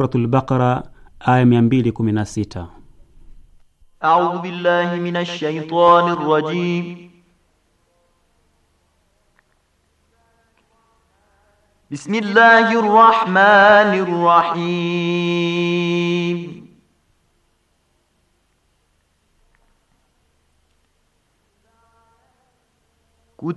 Suratul Baqara aya 216. A'udhu billahi minash shaitani rrajim. Bismillahir rahmanir rahim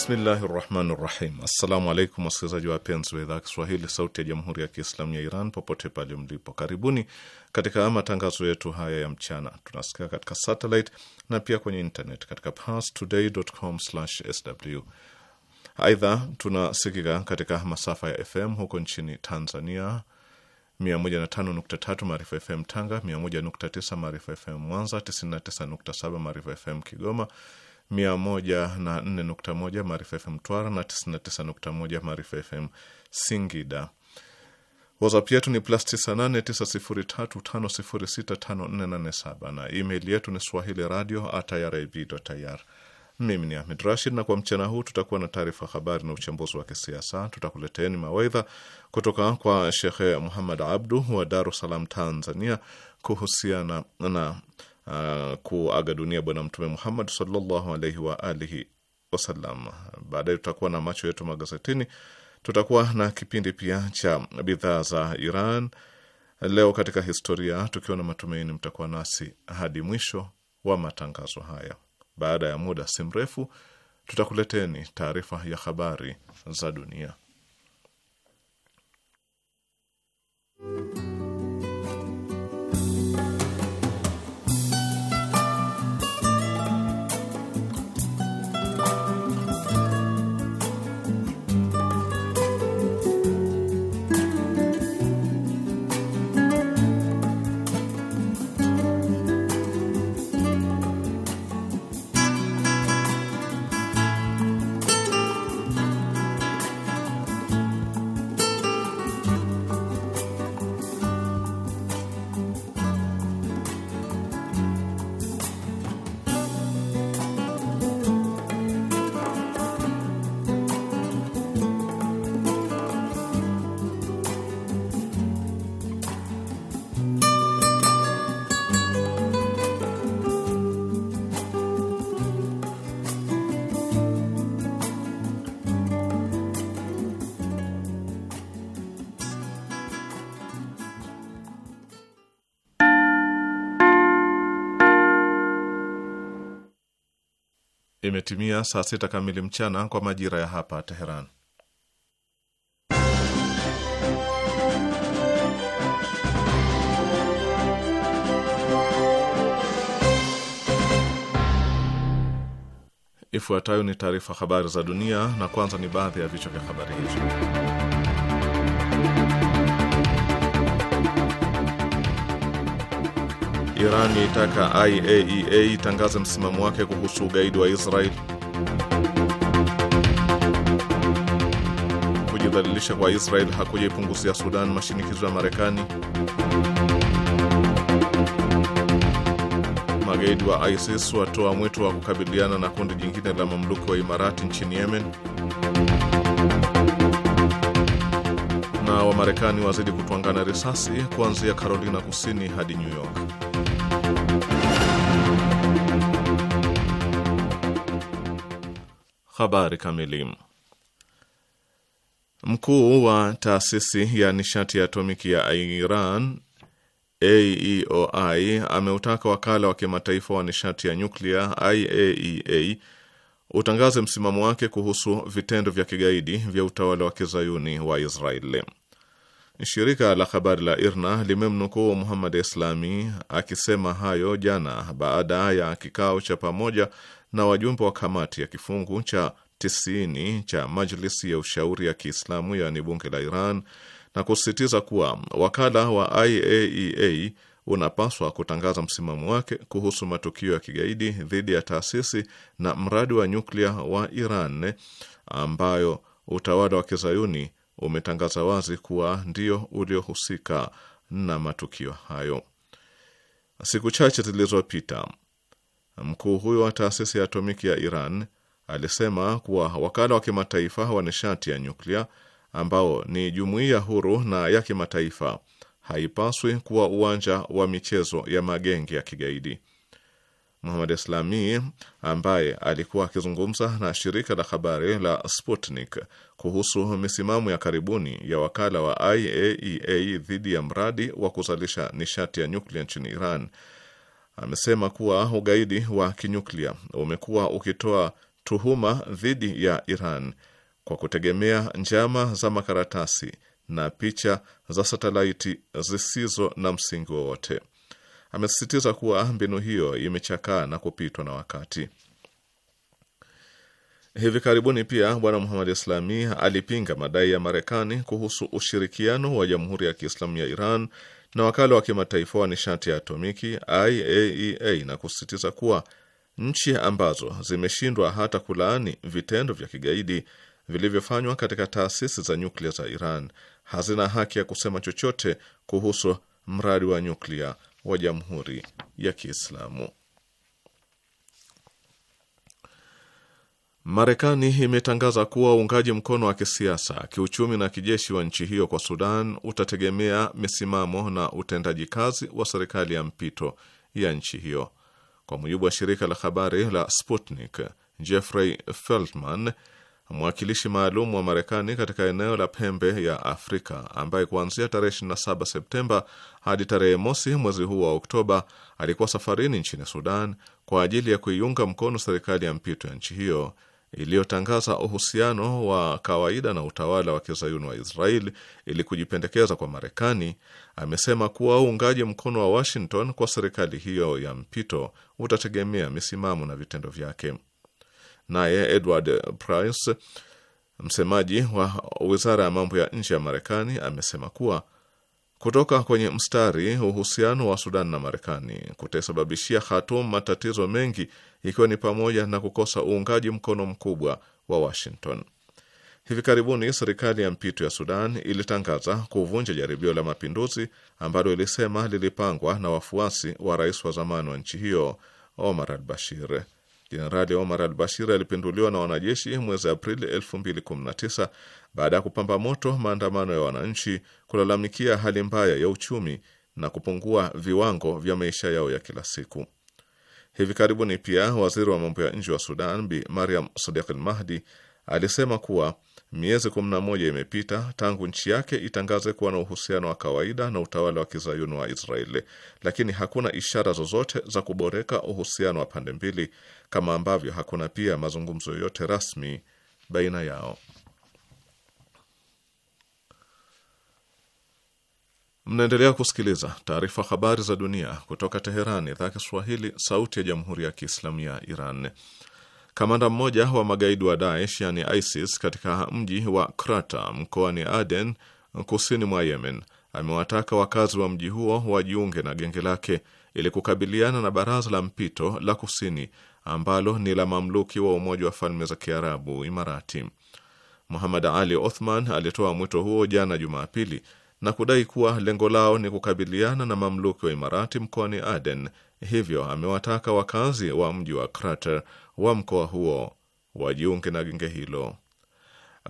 Bismillahi rahmani rahim. Assalamu alaikum wasikilizaji wapenzi wa idhaa Kiswahili sauti ya jamhuri ya Kiislamu ya Iran popote pale mlipo, karibuni katika matangazo yetu haya ya mchana. Tunasikia katika satelit na pia kwenye internet katika parstoday.com/sw. Aidha, tunasikika katika masafa ya FM huko nchini Tanzania 105.3 Maarifa FM Tanga, 101.9 Maarifa FM Mwanza, 99.7 Maarifa FM Kigoma 104.1 Maarifa FM Twara na 99.1 Maarifa FM Singida. WhatsApp yetu ni plus 989035065487 na email yetu ni swahili radio at irib.ir. Mimi ni Ahmed Rashid, na kwa mchana huu tutakuwa na taarifa habari na uchambuzi wa kisiasa. Tutakuleteeni mawaidha kutoka kwa Shekhe Muhammad Abdu wa Dar es Salaam, Tanzania, kuhusiana na uh, kuaga dunia Bwana Mtume Muhammad sallallahu alaihi wa alihi wasallam. Baadaye tutakuwa na macho yetu magazetini, tutakuwa na kipindi pia cha bidhaa za Iran, leo katika historia, tukiwa na matumaini mtakuwa nasi hadi mwisho wa matangazo haya. Baada ya muda si mrefu, tutakuleteni taarifa ya habari za dunia. Imetimia saa sita kamili mchana kwa majira ya hapa Teheran. Ifuatayo ni taarifa habari za dunia, na kwanza ni baadhi ya vichwa vya habari hizo. Iran yaitaka IAEA e itangaze msimamo wake kuhusu ugaidi wa Israel. Kujidhalilisha kwa Israel hakujaipunguzia Sudan mashinikizo ya Marekani. Magaidi wa ISIS watoa mwito wa kukabiliana na kundi jingine la mamluki wa Imarati nchini Yemen. Na Wamarekani wazidi kutwangana risasi kuanzia Carolina Kusini hadi New York. Habari kamili. Mkuu wa taasisi ya nishati ya atomiki ya Iran AEOI ameutaka wakala wa kimataifa wa nishati ya nyuklia IAEA e utangaze msimamo wake kuhusu vitendo vya kigaidi vya utawala wa kizayuni wa Israeli. Shirika la habari la IRNA limemnukuu Muhammad Islami akisema hayo jana baada ya kikao cha pamoja na wajumbe wa kamati ya kifungu cha 90 cha Majlisi ya Ushauri ya Kiislamu, yaani bunge la Iran, na kusisitiza kuwa wakala wa IAEA e unapaswa kutangaza msimamo wake kuhusu matukio ya kigaidi dhidi ya taasisi na mradi wa nyuklia wa Iran ambayo utawala wa kizayuni umetangaza wazi kuwa ndio uliohusika na matukio hayo. Siku chache zilizopita Mkuu huyo wa taasisi ya atomiki ya Iran alisema kuwa wakala wa kimataifa wa nishati ya nyuklia ambao ni jumuiya huru na ya kimataifa haipaswi kuwa uwanja wa michezo ya magenge ya kigaidi. Muhammad Islami ambaye alikuwa akizungumza na shirika la habari la Sputnik kuhusu misimamo ya karibuni ya wakala wa IAEA e dhidi ya mradi wa kuzalisha nishati ya nyuklia nchini Iran amesema kuwa ugaidi wa kinyuklia umekuwa ukitoa tuhuma dhidi ya Iran kwa kutegemea njama za makaratasi na picha za satelaiti zisizo na msingi wowote. Amesisitiza kuwa mbinu hiyo imechakaa na kupitwa na wakati. Hivi karibuni pia Bwana Muhammad Islami alipinga madai ya Marekani kuhusu ushirikiano wa Jamhuri ya Kiislamu ya Iran na wakala wa kimataifa wa nishati ya atomiki IAEA na kusisitiza kuwa nchi ambazo zimeshindwa hata kulaani vitendo vya kigaidi vilivyofanywa katika taasisi za nyuklia za Iran hazina haki ya kusema chochote kuhusu mradi wa nyuklia wa Jamhuri ya Kiislamu. Marekani imetangaza kuwa uungaji mkono wa kisiasa, kiuchumi na kijeshi wa nchi hiyo kwa Sudan utategemea misimamo na utendaji kazi wa serikali ya mpito ya nchi hiyo. Kwa mujibu wa shirika la habari la Sputnik, Jeffrey Feltman, mwakilishi maalum wa Marekani katika eneo la pembe ya Afrika, ambaye kuanzia tarehe 27 Septemba hadi tarehe mosi mwezi huu wa Oktoba alikuwa safarini nchini Sudan kwa ajili ya kuiunga mkono serikali ya mpito ya nchi hiyo iliyotangaza uhusiano wa kawaida na utawala wa kizayuni wa israel ili kujipendekeza kwa Marekani, amesema kuwa uungaji mkono wa Washington kwa serikali hiyo ya mpito utategemea misimamo na vitendo vyake. Naye Edward Price, msemaji wa wizara ya mambo ya nje ya Marekani, amesema kuwa kutoka kwenye mstari uhusiano wa Sudan na Marekani kutasababishia Khartoum matatizo mengi, ikiwa ni pamoja na kukosa uungaji mkono mkubwa wa Washington. Hivi karibuni serikali ya mpito ya Sudan ilitangaza kuvunja jaribio la mapinduzi ambalo ilisema lilipangwa na wafuasi wa rais wa zamani wa nchi hiyo Omar al-Bashir. Jenerali Omar al Bashir alipinduliwa na wanajeshi mwezi Aprili 2019 baada ya kupamba moto maandamano ya wananchi kulalamikia hali mbaya ya uchumi na kupungua viwango vya maisha yao ya kila siku. Hivi karibuni pia waziri wa mambo ya nje wa Sudan Bi Mariam Sadiq al Mahdi alisema kuwa Miezi 11 imepita tangu nchi yake itangaze kuwa na uhusiano wa kawaida na utawala wa kizayuni wa Israeli, lakini hakuna ishara zozote za kuboreka uhusiano wa pande mbili, kama ambavyo hakuna pia mazungumzo yoyote rasmi baina yao. Mnaendelea kusikiliza taarifa habari za dunia kutoka Teherani, idhaa Kiswahili, sauti ya jamhuri ya kiislamu ya Iran. Kamanda mmoja wa magaidi wa Daesh yani ISIS katika mji wa Krata mkoani Aden kusini mwa Yemen amewataka wakazi wa mji huo wajiunge na genge lake ili kukabiliana na baraza la mpito la kusini ambalo ni la mamluki wa Umoja wa Falme za Kiarabu Imarati. Muhammad Ali Othman alitoa mwito huo jana Jumapili na kudai kuwa lengo lao ni kukabiliana na mamluki wa Imarati mkoani Aden. Hivyo amewataka wakazi wa mji wa Crater wa mkoa huo wajiunge na genge hilo.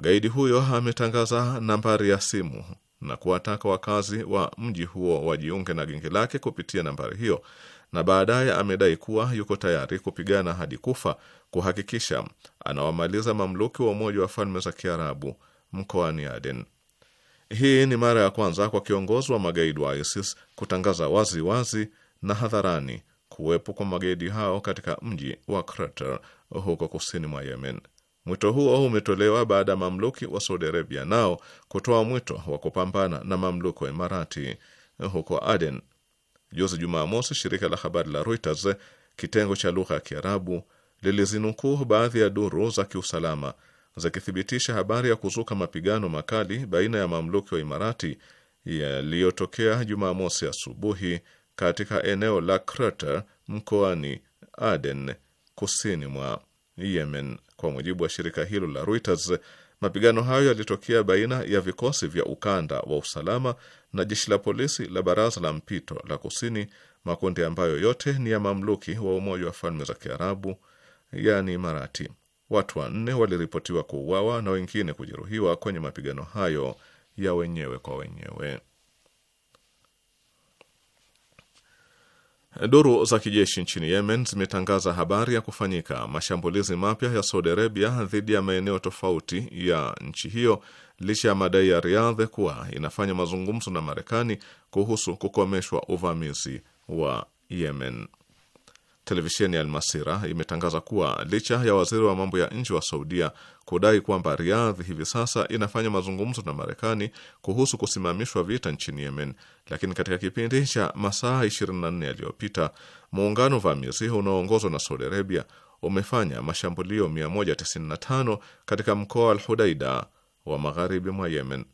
Gaidi huyo ametangaza nambari ya simu na kuwataka wakazi wa mji huo wajiunge na genge lake kupitia nambari hiyo, na baadaye amedai kuwa yuko tayari kupigana hadi kufa kuhakikisha anawamaliza mamluki wa Umoja wa Falme za Kiarabu mkoani Aden. Hii ni mara ya kwanza kwa kiongozi wa magaidi wa ISIS kutangaza waziwazi wazi na hadharani kuwepo kwa magaidi hao katika mji wa Crater huko kusini mwa Yemen. Mwito huo umetolewa baada ya mamluki wa Saudi Arabia nao kutoa mwito wa kupambana na mamluki wa Imarati huko Aden. Juzi Jumamosi, shirika la habari la Reuters kitengo cha lugha ya Kiarabu lilizinukuu baadhi ya duru za kiusalama zikithibitisha habari ya kuzuka mapigano makali baina ya mamluki wa Imarati yaliyotokea Jumamosi asubuhi ya katika eneo la Krata mkoani Aden kusini mwa Yemen. Kwa mujibu wa shirika hilo la Reuters, mapigano hayo yalitokea baina ya vikosi vya ukanda wa usalama na jeshi la polisi la baraza la mpito la kusini, makundi ambayo yote ni ya mamluki wa Umoja wa Falme za Kiarabu, yani Marati. Watu wanne waliripotiwa kuuawa na wengine kujeruhiwa kwenye mapigano hayo ya wenyewe kwa wenyewe. Duru za kijeshi nchini Yemen zimetangaza habari ya kufanyika mashambulizi mapya ya Saudi Arabia dhidi ya maeneo tofauti ya nchi hiyo licha ya madai ya Riyadh kuwa inafanya mazungumzo na Marekani kuhusu kukomeshwa uvamizi wa Yemen televisheni ya Almasira imetangaza kuwa licha ya waziri wa mambo ya nje wa Saudia kudai kwamba riadhi hivi sasa inafanya mazungumzo na Marekani kuhusu kusimamishwa vita nchini Yemen, lakini katika kipindi cha masaa 24 yaliyopita muungano vamizi unaoongozwa na Saudi Arabia umefanya mashambulio 195 katika mkoa wa Alhudaida wa magharibi mwa Yemen.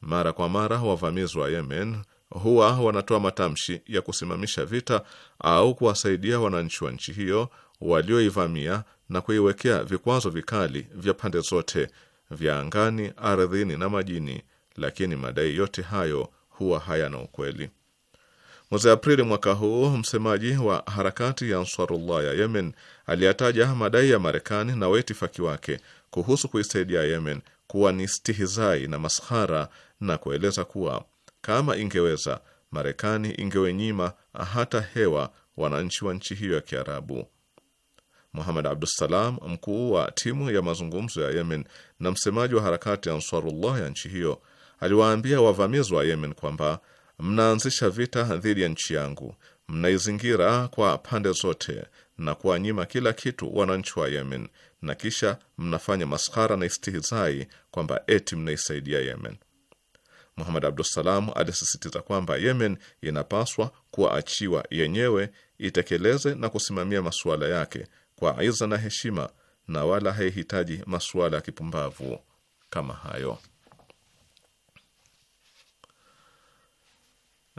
Mara kwa mara wavamizi wa Yemen huwa wanatoa matamshi ya kusimamisha vita au kuwasaidia wananchi wa nchi hiyo walioivamia na kuiwekea vikwazo vikali vya pande zote vya angani, ardhini na majini, lakini madai yote hayo huwa hayana ukweli. Mwezi Aprili mwaka huu, msemaji wa harakati ya Ansarullah ya Yemen aliyataja madai ya Marekani na waitifaki wake kuhusu kuisaidia Yemen kuwa ni stihizai na maskhara na kueleza kuwa kama ingeweza, Marekani ingewenyima hata hewa wananchi wa nchi hiyo ya Kiarabu. Muhammad Abdussalam, mkuu wa timu ya mazungumzo ya Yemen na msemaji wa harakati ya Ansarullah ya nchi hiyo, aliwaambia wavamizi wa Yemen kwamba mnaanzisha vita dhidi ya nchi yangu, mnaizingira kwa pande zote na kuwanyima kila kitu wananchi wa Yemen, na kisha mnafanya maskhara na istihizai kwamba eti mnaisaidia Yemen. Muhammad Abdussalam alisisitiza kwamba Yemen inapaswa kuwaachiwa yenyewe itekeleze na kusimamia masuala yake kwa aiza na heshima na wala haihitaji masuala ya kipumbavu kama hayo.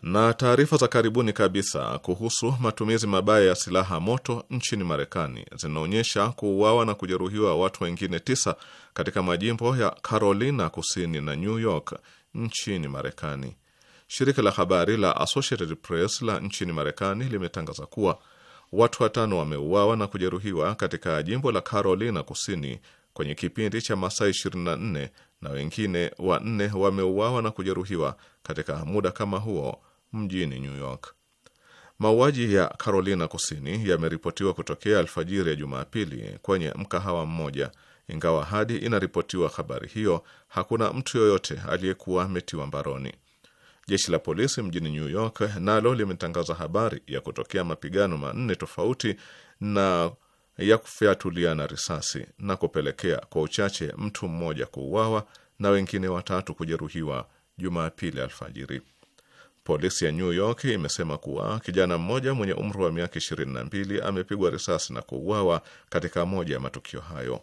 Na taarifa za karibuni kabisa kuhusu matumizi mabaya ya silaha moto nchini Marekani zinaonyesha kuuawa na kujeruhiwa watu wengine tisa katika majimbo ya Carolina Kusini na New York nchini Marekani. Shirika la habari la Associated Press la nchini Marekani limetangaza kuwa watu watano wameuawa na kujeruhiwa katika jimbo la Carolina Kusini kwenye kipindi cha masaa 24 na wengine wanne wameuawa na kujeruhiwa katika muda kama huo mjini New York. Mauaji ya Carolina Kusini yameripotiwa kutokea alfajiri ya Jumapili kwenye mkahawa mmoja ingawa hadi inaripotiwa habari hiyo hakuna mtu yoyote aliyekuwa ametiwa mbaroni. Jeshi la polisi mjini New York nalo limetangaza habari ya kutokea mapigano manne tofauti na ya kufyatuliana risasi na kupelekea kwa uchache mtu mmoja kuuawa na wengine watatu kujeruhiwa Jumapili alfajiri. Polisi ya New York imesema kuwa kijana mmoja mwenye umri wa miaka 22 amepigwa risasi na kuuawa katika moja ya matukio hayo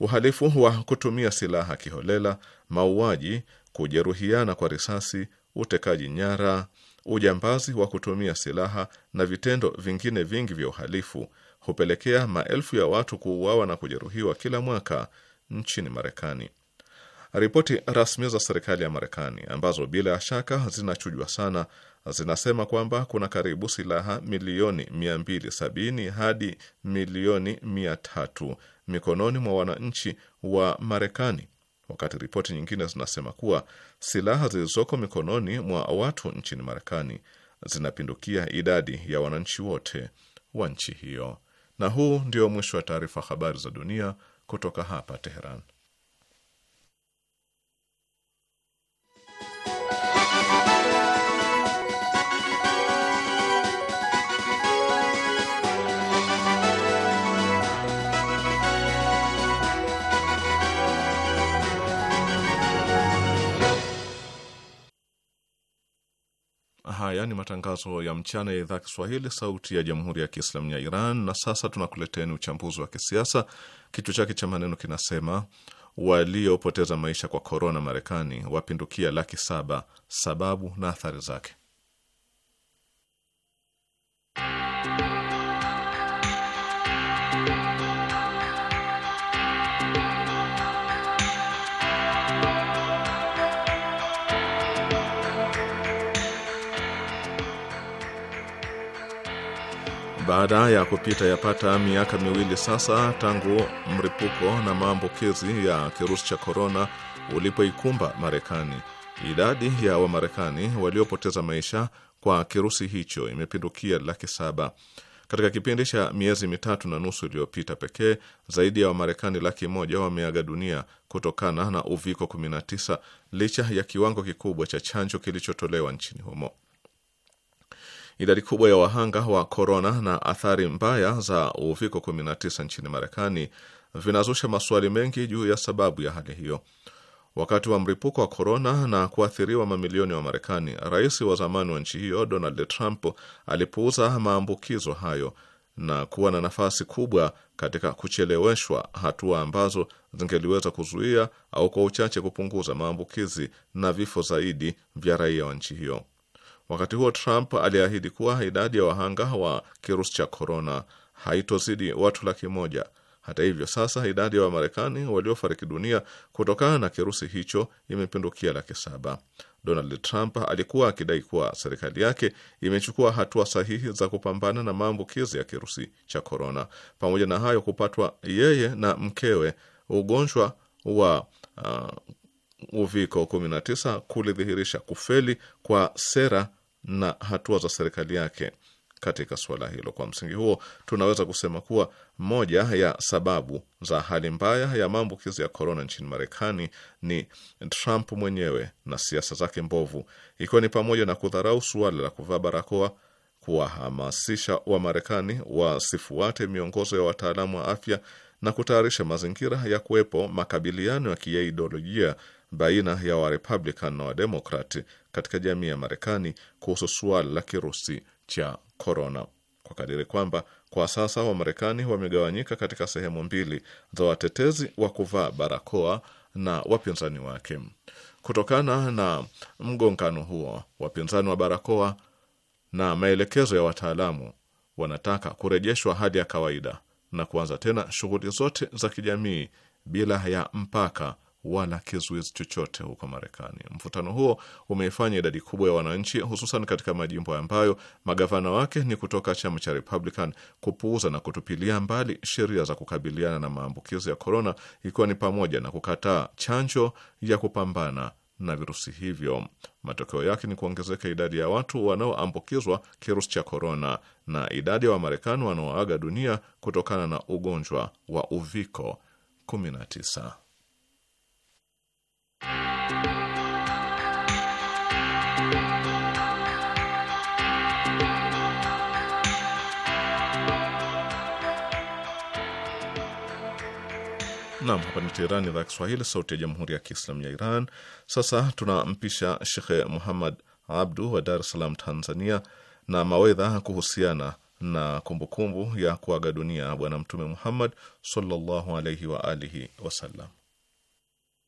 uhalifu wa kutumia silaha kiholela, mauaji, kujeruhiana kwa risasi, utekaji nyara, ujambazi wa kutumia silaha na vitendo vingine vingi vya uhalifu hupelekea maelfu ya watu kuuawa na kujeruhiwa kila mwaka nchini Marekani. Ripoti rasmi za serikali ya Marekani ambazo bila shaka zinachujwa sana zinasema kwamba kuna karibu silaha milioni 270 hadi milioni mikononi mwa wananchi wa Marekani, wakati ripoti nyingine zinasema kuwa silaha zilizoko mikononi mwa watu nchini Marekani zinapindukia idadi ya wananchi wote wa nchi hiyo. Na huu ndio mwisho wa taarifa habari za dunia kutoka hapa Teheran. haya ni matangazo ya mchana ya idhaa Kiswahili sauti ya jamhuri ya Kiislamu ya Iran. Na sasa tunakuleteni uchambuzi wa kisiasa, kichwa chake cha maneno kinasema waliopoteza maisha kwa korona Marekani wapindukia laki saba, sababu na athari zake. Baada ya kupita yapata miaka miwili sasa tangu mripuko na maambukizi ya kirusi cha korona ulipoikumba Marekani, idadi ya Wamarekani waliopoteza maisha kwa kirusi hicho imepindukia laki saba. Katika kipindi cha miezi mitatu na nusu iliyopita pekee, zaidi ya Wamarekani laki moja wameaga dunia kutokana na uviko 19 licha ya kiwango kikubwa cha chanjo kilichotolewa nchini humo. Idadi kubwa ya wahanga wa korona na athari mbaya za uviko 19 nchini Marekani vinazusha maswali mengi juu ya sababu ya hali hiyo. Wakati wa mlipuko wa korona na kuathiriwa mamilioni wa Marekani, rais wa zamani wa nchi hiyo Donald Trump alipuuza maambukizo hayo na kuwa na nafasi kubwa katika kucheleweshwa hatua ambazo zingeliweza kuzuia au kwa uchache kupunguza maambukizi na vifo zaidi vya raia wa nchi hiyo. Wakati huo Trump aliahidi kuwa idadi ya wahanga wa kirusi cha korona haitozidi watu laki moja. Hata hivyo, sasa idadi ya Wamarekani waliofariki dunia kutokana na kirusi hicho imepindukia laki saba. Donald Trump alikuwa akidai kuwa serikali yake imechukua hatua sahihi za kupambana na maambukizi ya kirusi cha korona. Pamoja na hayo, kupatwa yeye na mkewe ugonjwa wa uh, uviko 19 kulidhihirisha kufeli kwa sera na hatua za serikali yake katika suala hilo. Kwa msingi huo, tunaweza kusema kuwa moja ya sababu za hali mbaya ya maambukizi ya korona nchini Marekani ni Trump mwenyewe na siasa zake mbovu, ikiwa ni pamoja na kudharau suala la kuvaa barakoa, kuwahamasisha Wamarekani wasifuate miongozo ya wataalamu wa afya na kutayarisha mazingira ya kuwepo makabiliano ya kiideolojia baina ya Warepublican na Wademokrat katika jamii ya Marekani kuhusu suala la kirusi cha korona, kwa kadiri kwamba kwa sasa Wamarekani wamegawanyika katika sehemu mbili za watetezi wa kuvaa barakoa na wapinzani wake. Kutokana na mgongano huo, wapinzani wa barakoa na maelekezo ya wataalamu wanataka kurejeshwa hali ya kawaida na kuanza tena shughuli zote za kijamii bila ya mpaka wala kizuizi chochote huko Marekani. Mvutano huo umeifanya idadi kubwa ya wananchi, hususan katika majimbo ambayo magavana wake ni kutoka chama cha Republican, kupuuza na kutupilia mbali sheria za kukabiliana na maambukizi ya korona, ikiwa ni pamoja na kukataa chanjo ya kupambana na virusi hivyo. Matokeo yake ni kuongezeka idadi ya watu wanaoambukizwa kirusi cha korona na idadi ya Wamarekani wanaoaga dunia kutokana na ugonjwa wa uviko 19. Nam, hapa ni Teherani, idhaa ya Kiswahili, sauti ya jamhuri ya kiislamu ya Iran. Sasa tunampisha Shekhe Muhammad Abdu wa Dar es Salaam, Tanzania, na mawedha kuhusiana na kumbukumbu ya kuaga dunia Bwana Mtume Muhammad sallallahu alaihi wa alihi wasallam.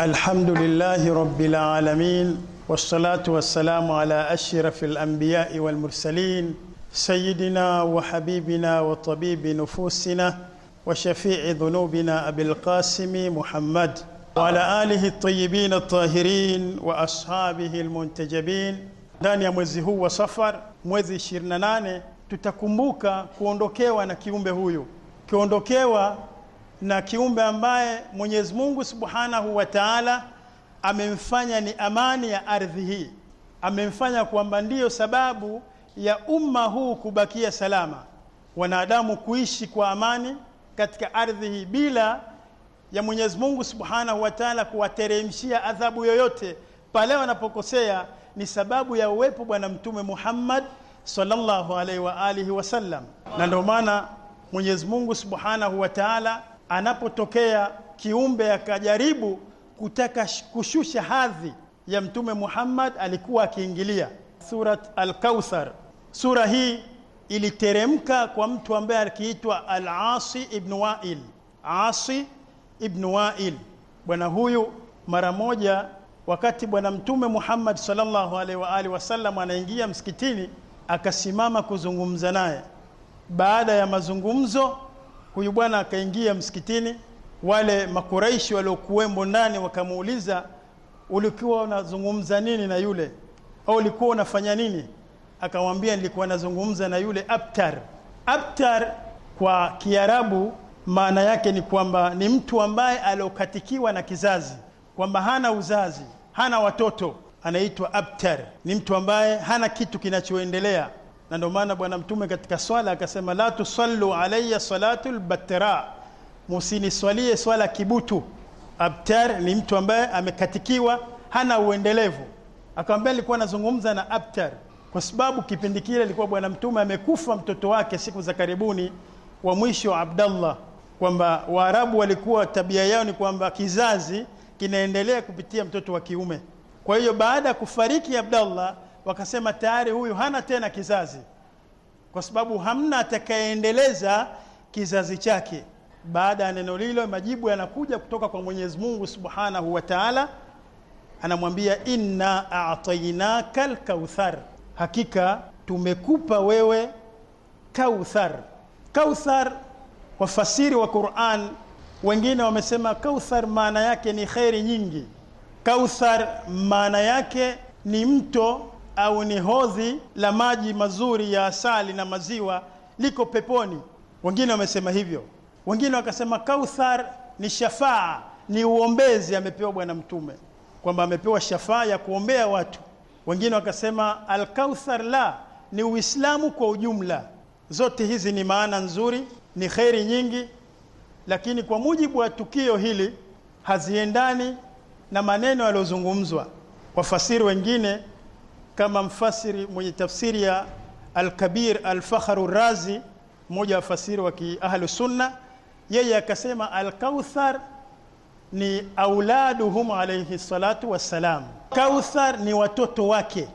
الحمد لله رب العالمين والصلاة والسلام على أشرف الأنبياء والمرسلين سيدنا وحبيبنا وطبيب نفوسنا وشفيع ذنوبنا أبي القاسم محمد وعلى آله الطيبين الطاهرين وأصحابه المنتجبين ndani ya mwezi huu wa Safar, mwezi 28, tutakumbuka kuondokewa na na kiumbe ambaye Mwenyezi Mungu Subhanahu wa Ta'ala amemfanya ni amani ya ardhi hii, amemfanya kwamba ndiyo sababu ya umma huu kubakia salama, wanadamu kuishi kwa amani katika ardhi hii bila ya Mwenyezi Mungu Subhanahu wa Ta'ala kuwateremshia adhabu yoyote pale wanapokosea, ni sababu ya uwepo Bwana Mtume Muhammad sallallahu alaihi wa alihi wasallam, na ndio maana Mwenyezi Mungu Subhanahu wa Ta'ala anapotokea kiumbe akajaribu kutaka kushusha hadhi ya mtume Muhammad alikuwa akiingilia surat al sura hii iliteremka kwa mtu ambaye akiitwa al-Asi ibn Wa'il Asi ibn Wa'il bwana huyu mara moja wakati bwana mtume Muhammad sallallahu alaihi wa alihi wasallam anaingia msikitini akasimama kuzungumza naye baada ya mazungumzo huyu bwana akaingia msikitini wale makuraishi waliokuwemo ndani wakamuuliza ulikuwa unazungumza nini na yule au ulikuwa unafanya nini akamwambia nilikuwa nazungumza na yule abtar abtar kwa kiarabu maana yake ni kwamba ni mtu ambaye aliokatikiwa na kizazi kwamba hana uzazi hana watoto anaitwa abtar ni mtu ambaye hana kitu kinachoendelea na ndio maana bwana mtume katika swala akasema la tusallu alayya salatul lbatra musiniswalie swala kibutu abtar ni mtu ambaye amekatikiwa hana uendelevu akamwambia alikuwa anazungumza na abtar kwa sababu kipindi kile alikuwa bwana mtume amekufa mtoto wake siku za karibuni wa mwisho Abdallah kwamba Waarabu walikuwa tabia yao ni kwamba kizazi kinaendelea kupitia mtoto wa kiume. Kwa hiyo baada ya kufariki Abdallah wakasema tayari huyu hana tena kizazi kwa sababu hamna atakayeendeleza kizazi chake baada ya neno lilo majibu yanakuja kutoka kwa Mwenyezi Mungu Subhanahu wa Ta'ala anamwambia inna a'tainaka al-kauthar hakika tumekupa wewe kauthar kauthar wafasiri wa Qur'an wengine wamesema kauthar maana yake ni khairi nyingi kauthar maana yake ni mto au ni hodhi la maji mazuri ya asali na maziwa liko peponi. Wengine wamesema hivyo, wengine wakasema Kauthar ni shafaa, ni uombezi amepewa Bwana Mtume, kwamba amepewa shafaa ya kuombea watu. Wengine wakasema Alkauthar la ni Uislamu kwa ujumla. Zote hizi ni maana nzuri, ni kheri nyingi, lakini kwa mujibu wa tukio hili haziendani na maneno yaliyozungumzwa. Wafasiri wengine kama mfasiri mwenye tafsiri ya Al-Kabir Al-Fakhr Razi mmoja wa fasiri wa Ahlu Sunna yeye akasema al ni auladuhum alayhi salatu wassalam. Kauthar ni watoto wake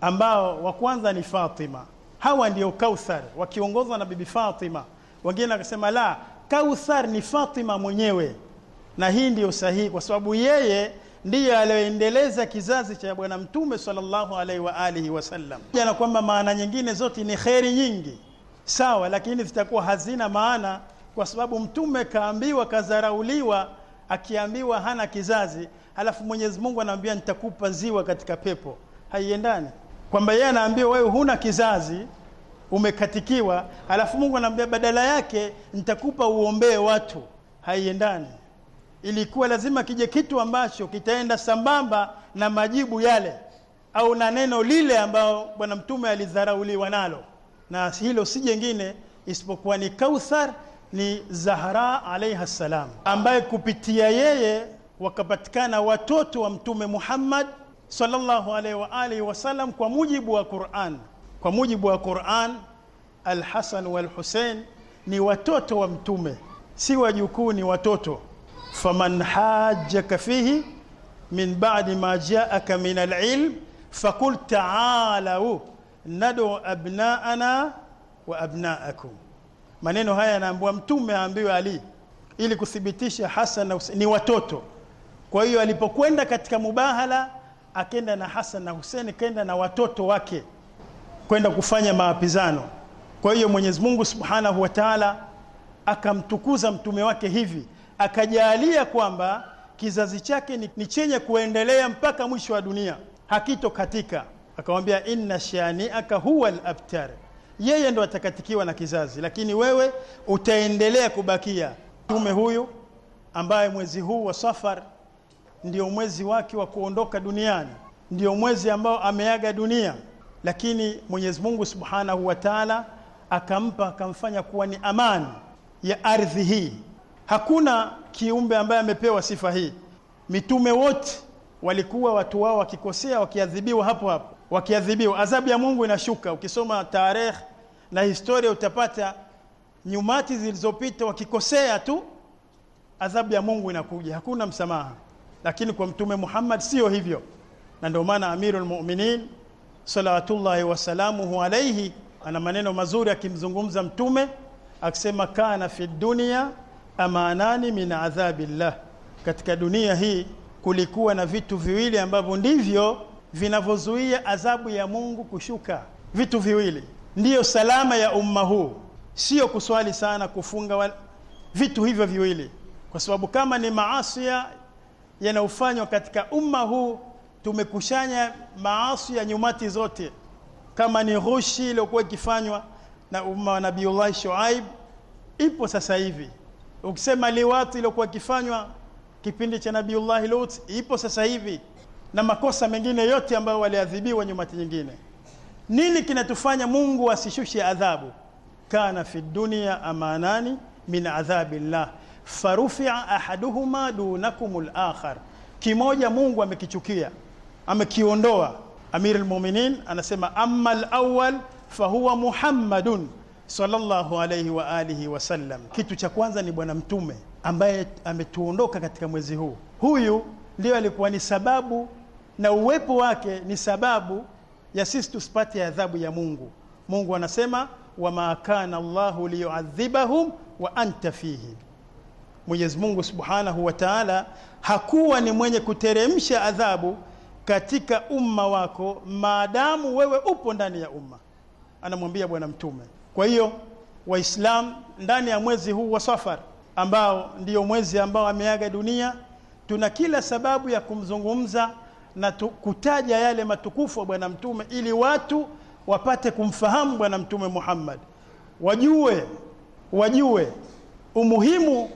ambao wa kwanza ni Fatima. Hawa ndio Kauthar wakiongozwa na bibi Fatima. Wengine akasema la, Kauthar ni Fatima mwenyewe, na hii ndio sahihi kwa sababu yeye ndiyo aliyoendeleza kizazi cha bwana mtume sallallahu alaihi wa alihi wasallam, na kwamba maana nyingine zote ni kheri nyingi sawa, lakini zitakuwa hazina maana, kwa sababu mtume kaambiwa, kadharauliwa, akiambiwa hana kizazi, halafu Mwenyezi Mungu anamwambia nitakupa ziwa katika pepo. Haiendani kwamba yeye anaambiwa wewe huna kizazi, umekatikiwa, halafu Mungu anaambia badala yake nitakupa uombee watu. Haiendani ilikuwa lazima kije kitu ambacho kitaenda sambamba na majibu yale au na neno lile ambao bwana mtume alidharauliwa nalo na hilo si jengine isipokuwa ni Kauthar ni Zahra alaihi salam ambaye kupitia yeye wakapatikana watoto wa mtume Muhammad sallallahu alaihi wa alihi wasallam kwa mujibu wa Qur'an kwa mujibu wa Qur'an Al-Hasan wal ni watoto wa mtume si wajukuu ni watoto faman hajjaka fihi min ba'di ma ja'aka min al-'ilm fakul ta'alu nadu abna'ana wa abna'akum maneno haya yanaambiwa mtume aambiwa Ali ili kuthibitisha Hasan na Hussein ni watoto kwa hiyo alipokwenda katika mubahala akenda na Hasan na Hussein kenda na watoto wake kwenda kufanya maapizano kwa hiyo Mwenyezi Mungu Subhanahu wa Ta'ala akamtukuza mtume wake hivi akajalia kwamba kizazi chake ni, ni chenye kuendelea mpaka mwisho wa dunia hakitokatika akamwambia inna shaniaka huwa labtar yeye ndo atakatikiwa na kizazi lakini wewe utaendelea kubakia mtume huyu ambaye mwezi huu wa safar ndio mwezi wake wa kuondoka duniani ndio mwezi ambao ameaga dunia lakini Mwenyezi Mungu Subhanahu wa Ta'ala akampa akamfanya kuwa ni amani ya ardhi hii hakuna kiumbe ambaye amepewa sifa hii mitume wote walikuwa watu wao wakikosea wakiadhibiwa hapo hapo wakiadhibiwa adhabu ya Mungu inashuka ukisoma tarehe na historia utapata nyumati zilizopita wakikosea tu adhabu ya Mungu inakuja hakuna msamaha lakini kwa mtume Muhammad sio hivyo na ndio maana Amirul Mu'minin salawatullahi wasalamuhu alayhi ana maneno mazuri akimzungumza mtume akisema kana fi dunia amanani min adhabillah katika dunia hii kulikuwa na vitu viwili ambavyo ndivyo vinavyozuia adhabu ya Mungu kushuka vitu viwili ndiyo salama ya umma huu sio kuswali sana kufunga wa... vitu hivyo viwili kwa sababu kama ni maasi yanayofanywa katika umma huu tumekushanya maasi ya nyumati zote kama ni rushi iliyokuwa ikifanywa na umma wa nabiullahi Shuaib ipo sasa hivi ukisema liwati iliyokuwa kifanywa kipindi cha Nabiiullah Lut ipo sasa hivi na makosa mengine yote ambayo waliadhibiwa nyumati nyingine nini kinatufanya Mungu asishushe adhabu kana fi dunia amanani min adhabi llah farufi'a ahaduhuma dunakum lakhar kimoja Mungu amekichukia amekiondoa Amir al-Mu'minin anasema amma lawal fahuwa Muhammadun sallallahu alayhi wa alihi sallam. Kitu cha kwanza ni bwana mtume ambaye ametuondoka katika mwezi huu. Huyu ndiyo alikuwa ni sababu na uwepo wake ni sababu ya sisi tusipate adhabu ya Mungu. Mungu anasema wama kana Allahu liyuadhibahum wa anta fihi. Mwenyezi Mungu Subhanahu wa Ta'ala hakuwa ni mwenye kuteremsha adhabu katika umma wako maadamu wewe upo ndani ya umma, anamwambia bwana mtume. Kwa hiyo Waislam ndani ya mwezi huu wa Safar ambao ndiyo mwezi ambao ameaga dunia, tuna kila sababu ya kumzungumza na kutaja yale matukufu ya Bwana Mtume ili watu wapate kumfahamu Bwana Mtume Muhammad, wajue wajue umuhimu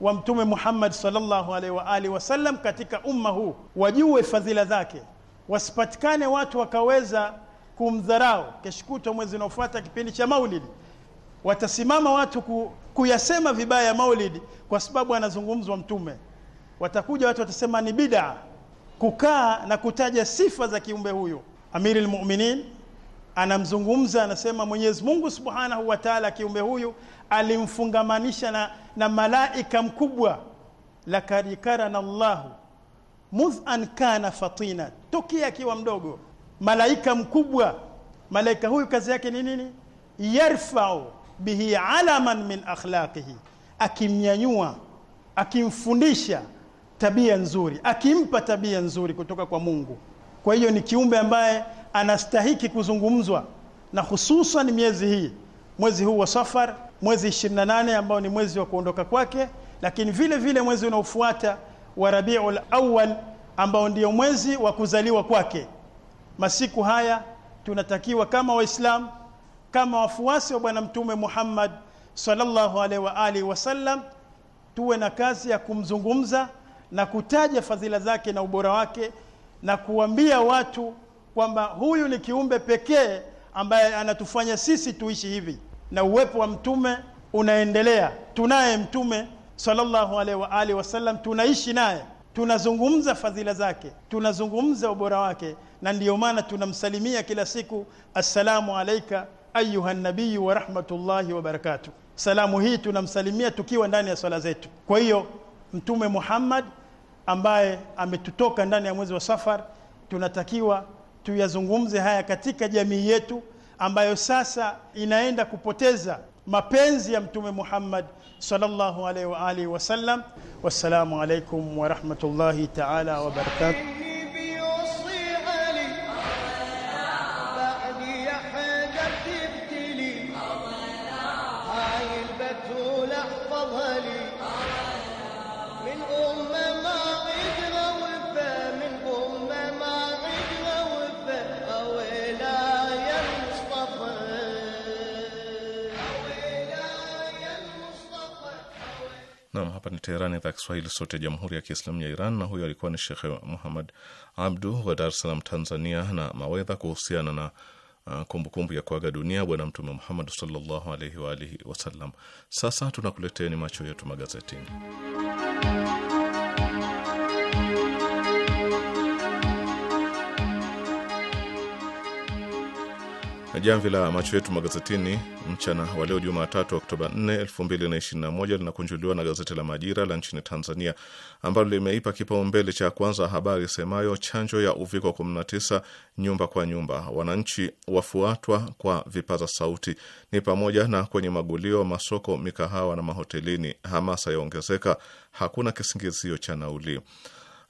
wa Mtume Muhammad sallallahu alaihi wa alihi wasallam katika umma huu, wajue fadhila zake, wasipatikane watu wakaweza kumdharau keshkutwa mwezi unaofuata kipindi cha maulidi watasimama watu ku, kuyasema vibaya maulidi kwa sababu anazungumzwa mtume watakuja watu watasema ni bid'a kukaa na kutaja sifa za kiumbe huyo amiri lmuminin anamzungumza anasema mwenyezi mungu subhanahu wa taala kiumbe huyu alimfungamanisha na, na malaika mkubwa lakad karana llahu mudh an kana fatina tokia akiwa mdogo malaika mkubwa malaika huyu kazi yake ni nini yarfa'u bihi alaman min akhlaqihi akimnyanyua akimfundisha tabia nzuri akimpa tabia nzuri kutoka kwa Mungu kwa hiyo ni kiumbe ambaye anastahiki kuzungumzwa na hususan miezi hii mwezi huu wa Safar mwezi 28 ambao ni mwezi wa kuondoka kwake lakini vile vile mwezi unaofuata wa Rabiul Awal ambao ndio mwezi wa kuzaliwa kwake masiku haya tunatakiwa kama waislamu kama wafuasi wa bwana mtume Muhammad sallallahu alaihi wa alihi wasallam tuwe na kazi ya kumzungumza na kutaja fadhila zake na ubora wake na kuambia watu kwamba huyu ni kiumbe pekee ambaye anatufanya sisi tuishi hivi na uwepo wa mtume unaendelea tunaye mtume sallallahu alaihi wa alihi wasallam tunaishi naye tunazungumza fadhila zake tunazungumza ubora wake na ndiyo maana tunamsalimia kila siku assalamu alaika ayuha nabiyu wa rahmatullahi wa barakatuh salamu hii tunamsalimia tukiwa ndani ya swala zetu kwa hiyo mtume muhammad ambaye ametutoka ndani ya mwezi wa safar tunatakiwa tuyazungumze haya katika jamii yetu ambayo sasa inaenda kupoteza mapenzi ya mtume Muhammad sallallahu alaihi wa alihi wasallam. Wassalamu alaikum warahmatullahi taala wabarakatuh. Kiislamu. Hapa ni Teherani, idhaa Kiswahili sote ya Jamhuri ya Kiislamu ya Iran. Na huyo alikuwa ni Shekhe Muhammad Abdu wa Dar es Salaam, Tanzania, na mawaidha kuhusiana na uh, kumbukumbu kumbu ya kuaga dunia Bwana Mtume Muhammad sallallahu alaihi wa alihi wasallam. Sasa tunakuleteeni macho yetu magazetini. jamvi la macho yetu magazetini mchana wa leo Jumatatu Oktoba 4, 2021 linakunjuliwa na gazeti la Majira la nchini Tanzania ambalo limeipa kipaumbele cha kwanza habari isemayo chanjo ya uviko 19 nyumba kwa nyumba, wananchi wafuatwa kwa vipaza sauti, ni pamoja na kwenye magulio, masoko, mikahawa na mahotelini. Hamasa yaongezeka, hakuna kisingizio cha nauli.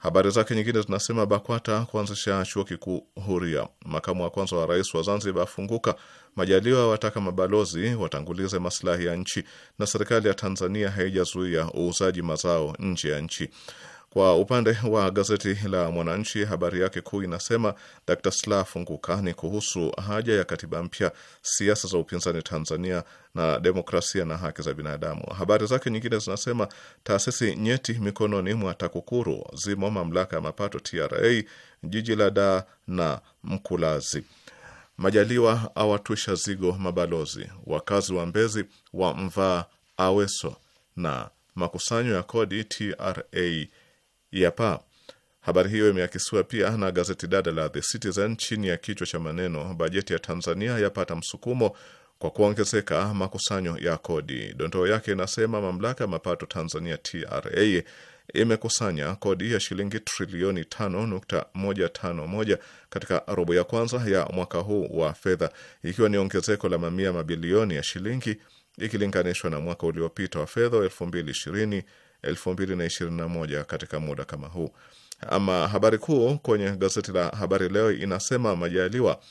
Habari zake nyingine zinasema BAKWATA kuanzisha chuo kikuu huria. Makamu wa kwanza wa rais wa Zanzibar afunguka. Majaliwa wataka mabalozi watangulize maslahi ya nchi, na serikali ya Tanzania haijazuia uuzaji mazao nje ya nchi. Kwa upande wa gazeti la Mwananchi, habari yake kuu inasema Dr slaf funguka ni kuhusu haja ya katiba mpya, siasa za upinzani Tanzania na demokrasia na haki za binadamu. Habari zake nyingine zinasema taasisi nyeti mikononi mwa TAKUKURU zimo mamlaka ya mapato TRA, jiji la Dar na Mkulazi. Majaliwa awatwisha zigo mabalozi, wakazi wa Mbezi wa mvaa Aweso na makusanyo ya kodi TRA ya paa. Habari hiyo imeakisiwa pia na gazeti dada la The Citizen chini ya kichwa cha maneno bajeti ya Tanzania yapata msukumo kwa kuongezeka makusanyo ya kodi. Dondoo yake inasema mamlaka ya mapato Tanzania TRA imekusanya kodi ya shilingi trilioni 5.151 katika robo ya kwanza ya mwaka huu wa fedha, ikiwa ni ongezeko la mamia mabilioni ya shilingi ikilinganishwa na mwaka uliopita wa fedha 2020 2021 katika muda kama huu. Ama habari kuu kwenye gazeti la Habari Leo inasema Majaliwa,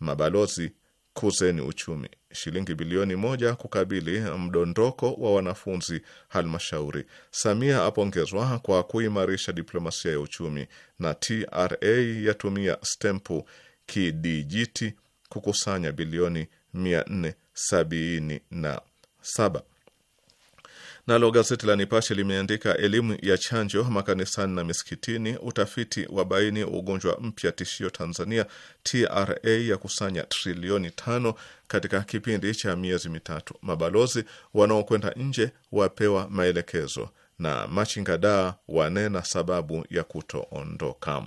mabalozi kuzeni uchumi, shilingi bilioni moja kukabili mdondoko wa wanafunzi halmashauri. Samia apongezwa kwa kuimarisha diplomasia ya uchumi, na TRA yatumia stempu kidijiti kukusanya bilioni 477. Nalo gazeti la Nipashe limeandika elimu ya chanjo makanisani na misikitini, utafiti wa baini ugonjwa mpya tishio Tanzania, TRA ya kusanya trilioni tano katika kipindi cha miezi mitatu, mabalozi wanaokwenda nje wapewa maelekezo, na machingadaa wanena sababu ya kutoondoka.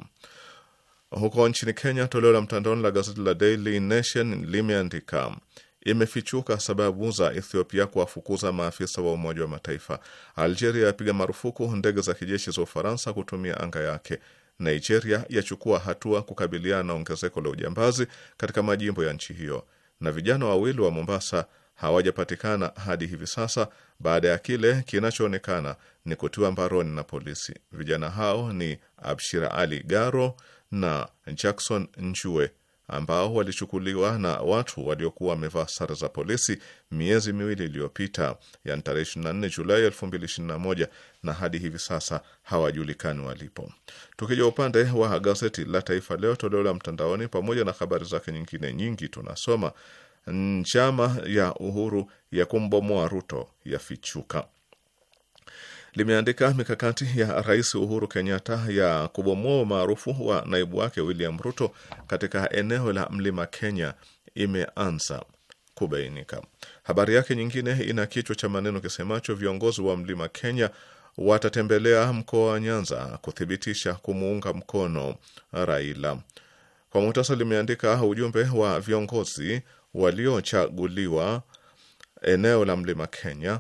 Huko nchini Kenya, toleo la mtandaoni la gazeti la Daily Nation limeandika imefichuka sababu za Ethiopia kuwafukuza maafisa wa Umoja wa Mataifa. Algeria yapiga marufuku ndege za kijeshi za Ufaransa kutumia anga yake. Nigeria yachukua hatua kukabiliana na ongezeko la ujambazi katika majimbo ya nchi hiyo. Na vijana wawili wa Mombasa hawajapatikana hadi hivi sasa baada ya kile kinachoonekana ni kutiwa mbaroni na polisi. Vijana hao ni Abshira Ali Garo na Jackson Njue ambao walichukuliwa na watu waliokuwa wamevaa sare za polisi miezi miwili iliyopita, yani tarehe 24 Julai 2021 na hadi hivi sasa hawajulikani walipo. Tukija upande wa gazeti la Taifa Leo toleo la mtandaoni, pamoja na habari zake nyingine nyingi, tunasoma njama ya Uhuru ya kumbomoa Ruto yafichuka limeandika mikakati ya Rais Uhuru Kenyatta ya kubomoa umaarufu wa naibu wake William Ruto katika eneo la Mlima Kenya imeanza kubainika. Habari yake nyingine ina kichwa cha maneno kisemacho viongozi wa Mlima Kenya watatembelea mkoa wa Nyanza kuthibitisha kumuunga mkono Raila. Kwa muhtasa limeandika ujumbe wa viongozi waliochaguliwa eneo la Mlima Kenya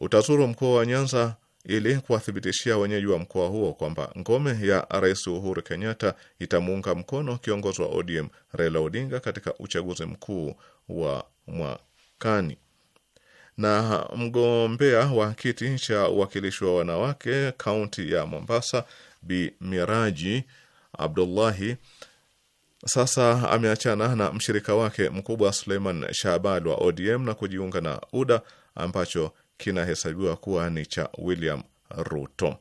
utazuru mkoa wa Nyanza ili kuwathibitishia wenyeji wa mkoa huo kwamba ngome ya Rais Uhuru Kenyatta itamuunga mkono kiongozi wa ODM Raila Odinga katika uchaguzi mkuu wa mwakani. Na mgombea wa kiti cha uwakilishi wa wanawake kaunti ya Mombasa, Bi Miraji Abdullahi sasa ameachana na mshirika wake mkubwa Suleiman Shahbal wa ODM na kujiunga na UDA ambacho kinahesabiwa kuwa ni cha William Ruto.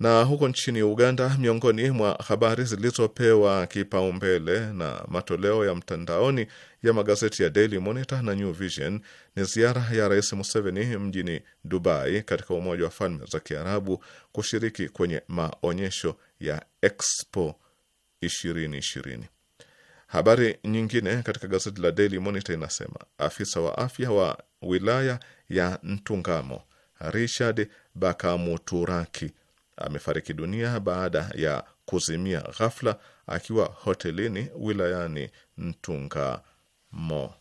Na huko nchini Uganda, miongoni mwa habari zilizopewa kipaumbele na matoleo ya mtandaoni ya magazeti ya Daily Monitor na New Vision ni ziara ya Rais Museveni mjini Dubai katika Umoja wa Falme za Kiarabu kushiriki kwenye maonyesho ya Expo 2020. Habari nyingine katika gazeti la Daily Monitor inasema afisa wa afya wa wilaya ya Ntungamo, Richard Bakamuturaki amefariki dunia baada ya kuzimia ghafla akiwa hotelini wilayani Ntungamo.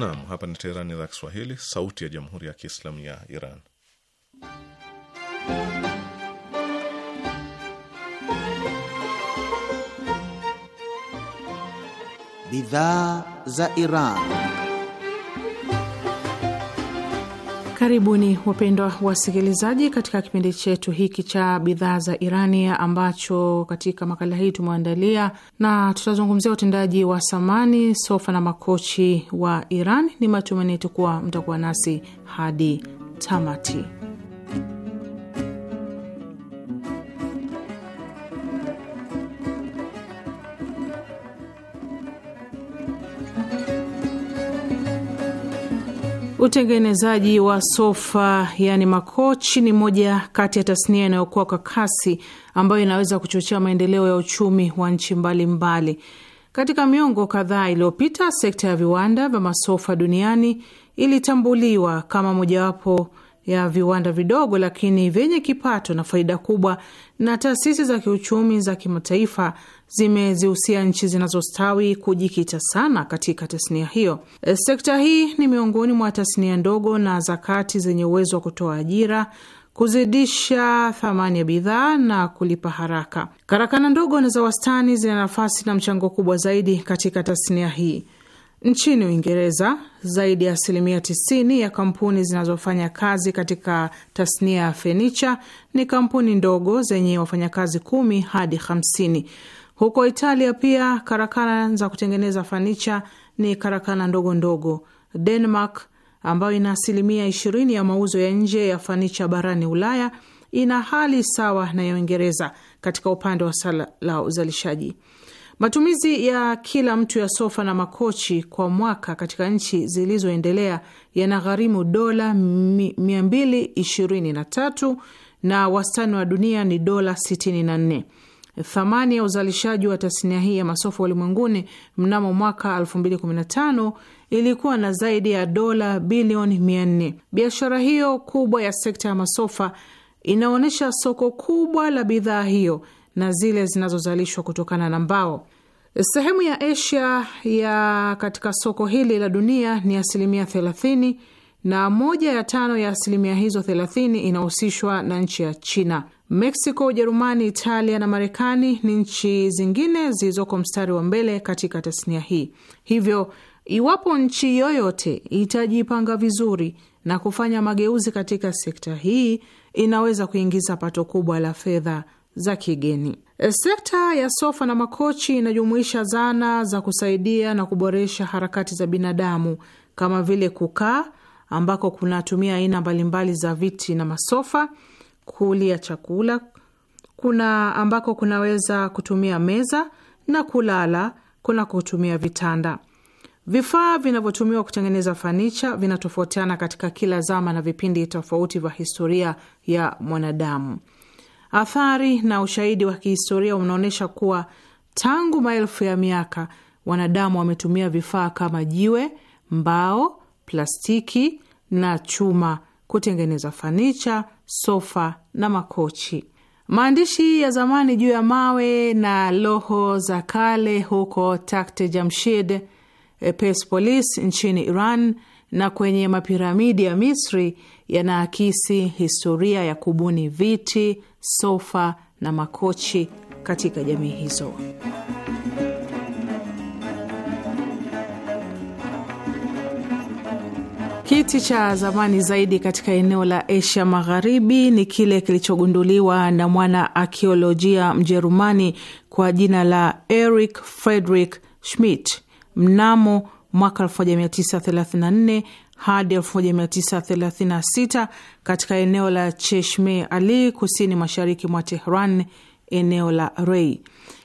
Naam, hapa ni Teherani, idhaa Kiswahili, sauti ya jamhuri ya kiislamu ya Iran. Bidhaa za Iran. Karibuni wapendwa wasikilizaji, katika kipindi chetu hiki cha bidhaa za Irani ambacho katika makala hii tumeandalia na tutazungumzia utendaji wa samani, sofa na makochi wa Iran. Ni matumaini yetu kuwa mtakuwa nasi hadi tamati. Utengenezaji wa sofa yani makochi ni moja kati ya tasnia inayokuwa kwa kasi ambayo inaweza kuchochea maendeleo ya uchumi wa nchi mbalimbali mbali. Katika miongo kadhaa iliyopita sekta ya viwanda vya masofa duniani ilitambuliwa kama mojawapo ya viwanda vidogo lakini vyenye kipato na faida kubwa, na taasisi za kiuchumi za kimataifa zimezihusia nchi zinazostawi kujikita sana katika tasnia hiyo. E, sekta hii ni miongoni mwa tasnia ndogo na za kati zenye uwezo wa kutoa ajira kuzidisha thamani ya bidhaa na kulipa haraka. Karakana ndogo na za wastani zina nafasi na mchango kubwa zaidi katika tasnia hii. Nchini Uingereza, zaidi ya asilimia 90 ya kampuni zinazofanya kazi katika tasnia ya fenicha ni kampuni ndogo zenye wafanyakazi kumi hadi 50. Huko Italia pia karakana za kutengeneza fanicha ni karakana ndogo ndogo. Denmark ambayo ina asilimia 20 ya mauzo ya nje ya fanicha barani Ulaya ina hali sawa na ya Uingereza katika upande wa sala la uzalishaji. Matumizi ya kila mtu ya sofa na makochi kwa mwaka katika nchi zilizoendelea yanagharimu dola 223 na wastani wa dunia ni dola 64. Thamani ya uzalishaji wa tasnia hii ya masofa ulimwenguni mnamo mwaka 2015 ilikuwa na zaidi ya dola bilioni 4 Biashara hiyo kubwa ya sekta ya masofa inaonyesha soko kubwa la bidhaa hiyo na zile zinazozalishwa kutokana na mbao. Sehemu ya Asia ya katika soko hili la dunia ni asilimia thelathini na moja ya tano ya asilimia hizo thelathini inahusishwa na nchi ya China. Mexico, Ujerumani, Italia na Marekani ni nchi zingine zilizoko mstari wa mbele katika tasnia hii. Hivyo, iwapo nchi yoyote itajipanga vizuri na kufanya mageuzi katika sekta hii, inaweza kuingiza pato kubwa la fedha za kigeni. E, sekta ya sofa na makochi inajumuisha zana za kusaidia na kuboresha harakati za binadamu kama vile kukaa, ambako kunatumia aina mbalimbali za viti na masofa, kulia chakula kuna ambako kunaweza kutumia meza na kulala kuna kutumia vitanda. Vifaa vinavyotumiwa kutengeneza fanicha vinatofautiana katika kila zama na vipindi tofauti vya historia ya mwanadamu. Athari na ushahidi wa kihistoria unaonyesha kuwa tangu maelfu ya miaka wanadamu wametumia vifaa kama jiwe, mbao, plastiki na chuma kutengeneza fanicha, sofa na makochi. Maandishi ya zamani juu ya mawe na loho za kale huko Takte Jamshid, Persepolis nchini Iran na kwenye mapiramidi ya Misri yanaakisi historia ya kubuni viti, sofa na makochi katika jamii hizo. Kiti cha zamani zaidi katika eneo la Asia Magharibi ni kile kilichogunduliwa na mwana akiolojia Mjerumani kwa jina la eric Friedrich Schmidt mnamo mwaka 1934 hadi 1936 katika eneo la Cheshme Ali kusini mashariki mwa Tehran, eneo la Rei.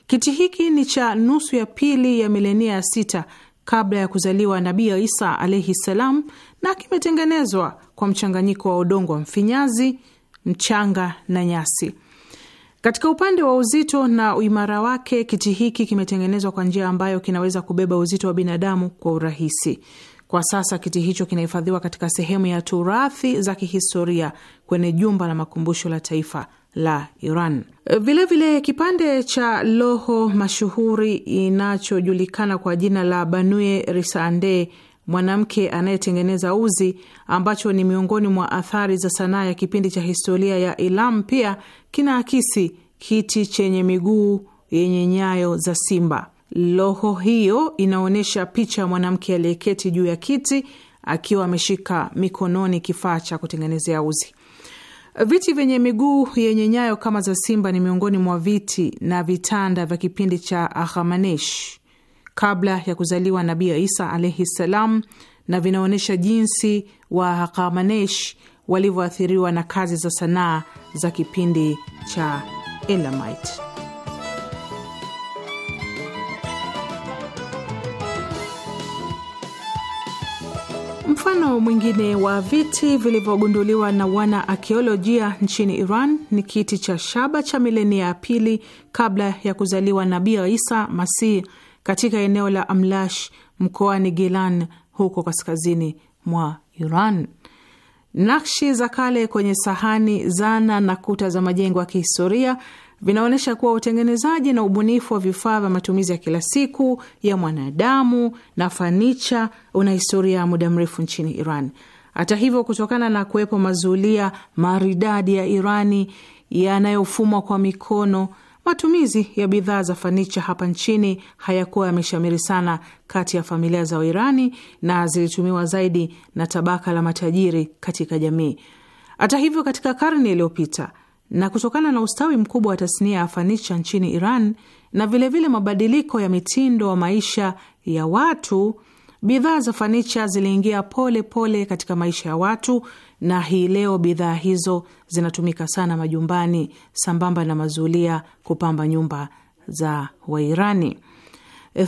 Kiti hiki ni cha nusu ya pili ya milenia ya sita kabla ya kuzaliwa Nabii Isa alaihi ssalam, na kimetengenezwa kwa mchanganyiko wa udongo wa mfinyazi, mchanga na nyasi. Katika upande wa uzito na uimara wake, kiti hiki kimetengenezwa kwa njia ambayo kinaweza kubeba uzito wa binadamu kwa urahisi. Kwa sasa kiti hicho kinahifadhiwa katika sehemu ya turathi za kihistoria kwenye jumba la makumbusho la taifa la Iran. Vilevile vile, kipande cha loho mashuhuri inachojulikana kwa jina la Banue Risande, mwanamke anayetengeneza uzi, ambacho ni miongoni mwa athari za sanaa ya kipindi cha historia ya Ilam, pia kinaakisi kiti chenye miguu yenye nyayo za simba. Loho hiyo inaonyesha picha ya mwanamke aliyeketi juu ya kiti akiwa ameshika mikononi kifaa cha kutengenezea uzi. Viti vyenye miguu yenye nyayo kama za simba ni miongoni mwa viti na vitanda vya kipindi cha Aghamanesh kabla ya kuzaliwa Nabii Isa alaihi ssalam, na vinaonyesha jinsi wa Aghamanesh walivyoathiriwa na kazi za sanaa za kipindi cha Elamite. Mfano mwingine wa viti vilivyogunduliwa na wana akiolojia nchini Iran ni kiti cha shaba cha milenia ya pili kabla ya kuzaliwa Nabii Isa Masih katika eneo la Amlash mkoani Gilan huko kaskazini mwa Iran. Nakshi za kale kwenye sahani, zana na kuta za majengo ya kihistoria vinaonyesha kuwa utengenezaji na ubunifu wa vifaa vya matumizi ya kila siku ya mwanadamu na fanicha una historia ya muda mrefu nchini Iran. Hata hivyo, kutokana na kuwepo mazulia maridadi ya Irani yanayofumwa kwa mikono, matumizi ya bidhaa za fanicha hapa nchini hayakuwa yameshamiri sana kati ya familia za Wairani na zilitumiwa zaidi na tabaka la matajiri katika jamii. Hata hivyo, katika karne iliyopita na kutokana na ustawi mkubwa wa tasnia ya fanicha nchini Iran na vilevile vile mabadiliko ya mitindo wa maisha ya watu, bidhaa za fanicha ziliingia pole pole katika maisha ya watu, na hii leo bidhaa hizo zinatumika sana majumbani sambamba na mazulia kupamba nyumba za Wairani.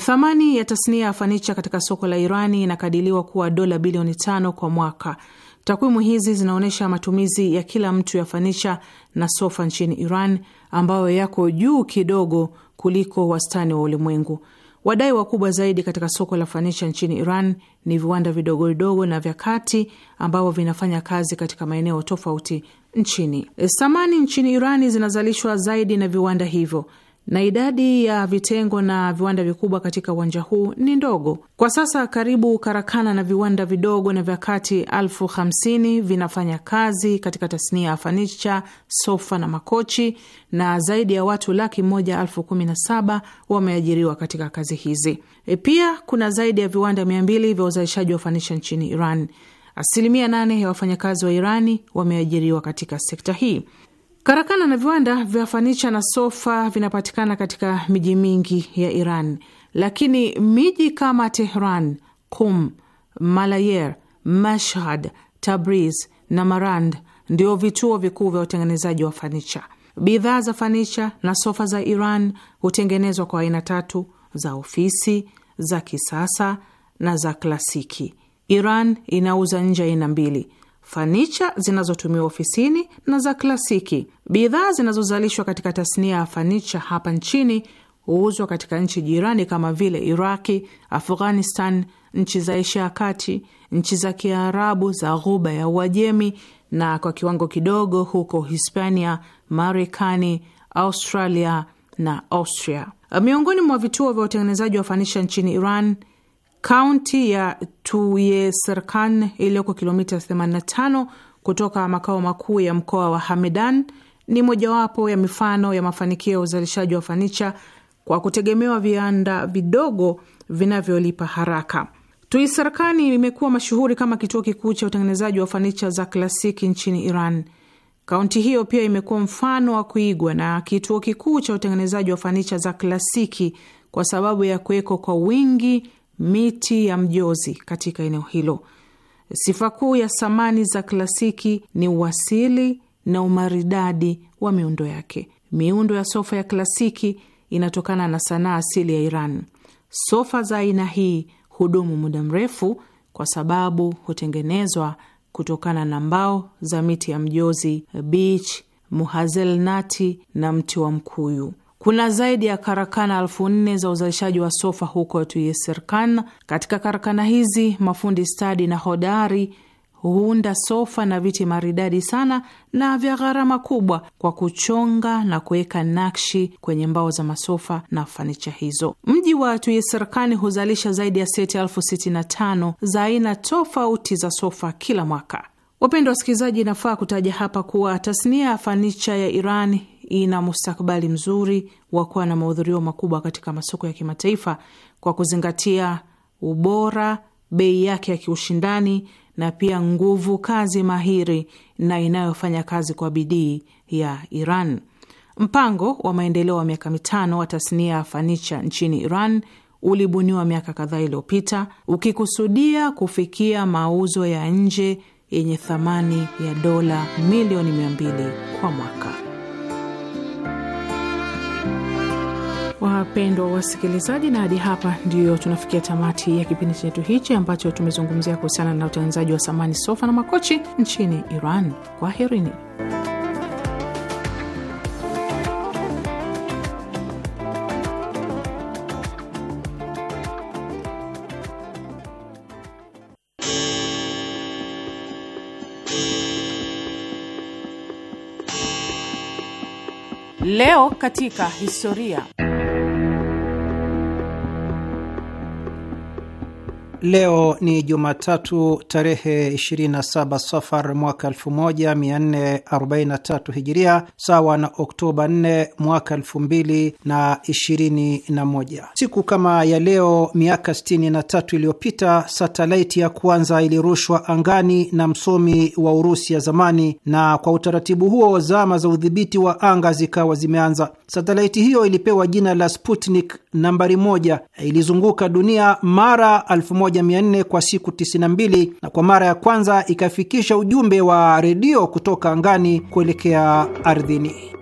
Thamani ya tasnia ya fanicha katika soko la Irani inakadiliwa kuwa dola bilioni tano kwa mwaka. Takwimu hizi zinaonyesha matumizi ya kila mtu ya fanicha na sofa nchini Iran ambayo yako juu kidogo kuliko wastani wa ulimwengu. Wadai wakubwa zaidi katika soko la fanicha nchini Iran ni viwanda vidogo vidogo na vya kati ambavyo vinafanya kazi katika maeneo tofauti nchini. E, samani nchini iran zinazalishwa zaidi na viwanda hivyo na idadi ya vitengo na viwanda vikubwa katika uwanja huu ni ndogo kwa sasa. Karibu karakana na viwanda vidogo na vya kati elfu hamsini vinafanya kazi katika tasnia ya fanicha, sofa na makochi, na zaidi ya watu laki moja elfu kumi na saba wameajiriwa katika kazi hizi. E, pia kuna zaidi ya viwanda mia mbili vya uzalishaji wa fanicha nchini Iran. Asilimia nane ya wafanyakazi wa Irani wameajiriwa katika sekta hii. Karakana na viwanda vya fanicha na sofa vinapatikana katika miji mingi ya Iran, lakini miji kama Tehran, Kum, Malayer, Mashhad, Tabriz na Marand ndio vituo vikuu vya utengenezaji wa fanicha. Bidhaa za fanicha na sofa za Iran hutengenezwa kwa aina tatu za ofisi, za kisasa na za klasiki. Iran inauza nje aina mbili fanicha zinazotumiwa ofisini na za klasiki. Bidhaa zinazozalishwa katika tasnia ya fanicha hapa nchini huuzwa katika nchi jirani kama vile Iraki, Afghanistan, nchi za Asia ya Kati, nchi za Kiarabu za Ghuba ya Uajemi na kwa kiwango kidogo huko Hispania, Marekani, Australia na Austria. Miongoni mwa vituo vya utengenezaji wa fanicha nchini Iran Kaunti ya Tuyeserkan iliyoko kilomita 85 kutoka makao makuu ya mkoa wa Hamedan ni mojawapo ya mifano ya mafanikio ya uzalishaji wa fanicha kwa kutegemewa viwanda vidogo vinavyolipa haraka. Tuisarkani imekuwa mashuhuri kama kituo kikuu cha utengenezaji wa fanicha za klasiki nchini Iran. Kaunti hiyo pia imekuwa mfano wa kuigwa na kituo kikuu cha utengenezaji wa fanicha za klasiki kwa sababu ya kuweko kwa wingi miti ya mjozi katika eneo hilo. Sifa kuu ya samani za klasiki ni uwasili na umaridadi wa miundo yake. Miundo ya sofa ya klasiki inatokana na sanaa asili ya Iran. Sofa za aina hii hudumu muda mrefu kwa sababu hutengenezwa kutokana na mbao za miti ya mjozi, beech, muhazelnati na mti wa mkuyu. Kuna zaidi ya karakana elfu nne za uzalishaji wa sofa huko Tuyeserkan. Katika karakana hizi mafundi stadi na hodari huunda sofa na viti maridadi sana na vya gharama kubwa kwa kuchonga na kuweka nakshi kwenye mbao za masofa na fanicha hizo. Mji wa Tuyesirkani huzalisha zaidi ya seti elfu sitini na tano za aina tofauti za sofa kila mwaka. Wapendwa wasikilizaji, inafaa kutaja hapa kuwa tasnia ya fanicha ya Iran ina mustakabali mzuri wa kuwa na mahudhurio makubwa katika masoko ya kimataifa kwa kuzingatia ubora, bei yake ya kiushindani na pia nguvu kazi mahiri na inayofanya kazi kwa bidii ya Iran. Mpango wa maendeleo wa miaka mitano wa tasnia ya fanicha nchini Iran ulibuniwa miaka kadhaa iliyopita ukikusudia kufikia mauzo ya nje yenye thamani ya dola milioni 200 kwa mwaka. Wapendwa wasikilizaji, na hadi hapa ndio tunafikia tamati ya kipindi chetu hichi ambacho tumezungumzia kuhusiana na utengenezaji wa samani, sofa na makochi nchini Iran. Kwaherini. Leo katika historia Leo ni Jumatatu tarehe 27 Safar mwaka 1443 Hijiria, sawa na Oktoba 4 mwaka 2021. Siku kama ya leo miaka 63 iliyopita satelaiti ya kwanza ilirushwa angani na msomi wa Urusi ya zamani, na kwa utaratibu huo zama za udhibiti wa anga zikawa zimeanza. Satelaiti hiyo ilipewa jina la Sputnik nambari moja, Ilizunguka dunia mara 1400 kwa siku 92 na kwa mara ya kwanza ikafikisha ujumbe wa redio kutoka angani kuelekea ardhini.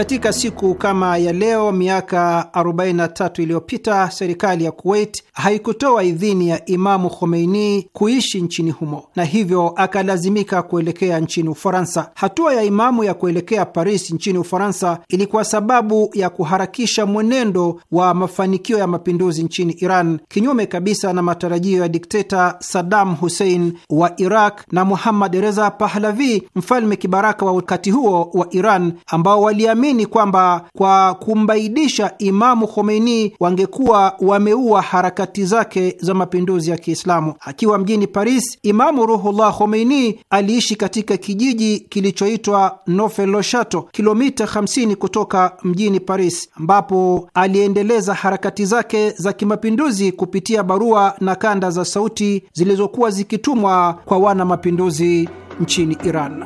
Katika siku kama ya leo miaka 43 iliyopita serikali ya Kuwait haikutoa idhini ya Imamu Khomeini kuishi nchini humo na hivyo akalazimika kuelekea nchini Ufaransa. Hatua ya Imamu ya kuelekea Paris nchini Ufaransa ilikuwa sababu ya kuharakisha mwenendo wa mafanikio ya mapinduzi nchini Iran, kinyume kabisa na matarajio ya dikteta Saddam Hussein wa Iraq na Muhammad Reza Pahlavi, mfalme kibaraka wa wakati huo wa Iran, ambao waliamini wanaamini kwamba kwa kumbaidisha Imamu Khomeini wangekuwa wameua harakati zake za mapinduzi ya Kiislamu. Akiwa mjini Paris, Imamu Ruhullah Khomeini aliishi katika kijiji kilichoitwa nofeloshato Chateau, kilomita 50 kutoka mjini Paris, ambapo aliendeleza harakati zake za kimapinduzi kupitia barua na kanda za sauti zilizokuwa zikitumwa kwa wana mapinduzi nchini Iran.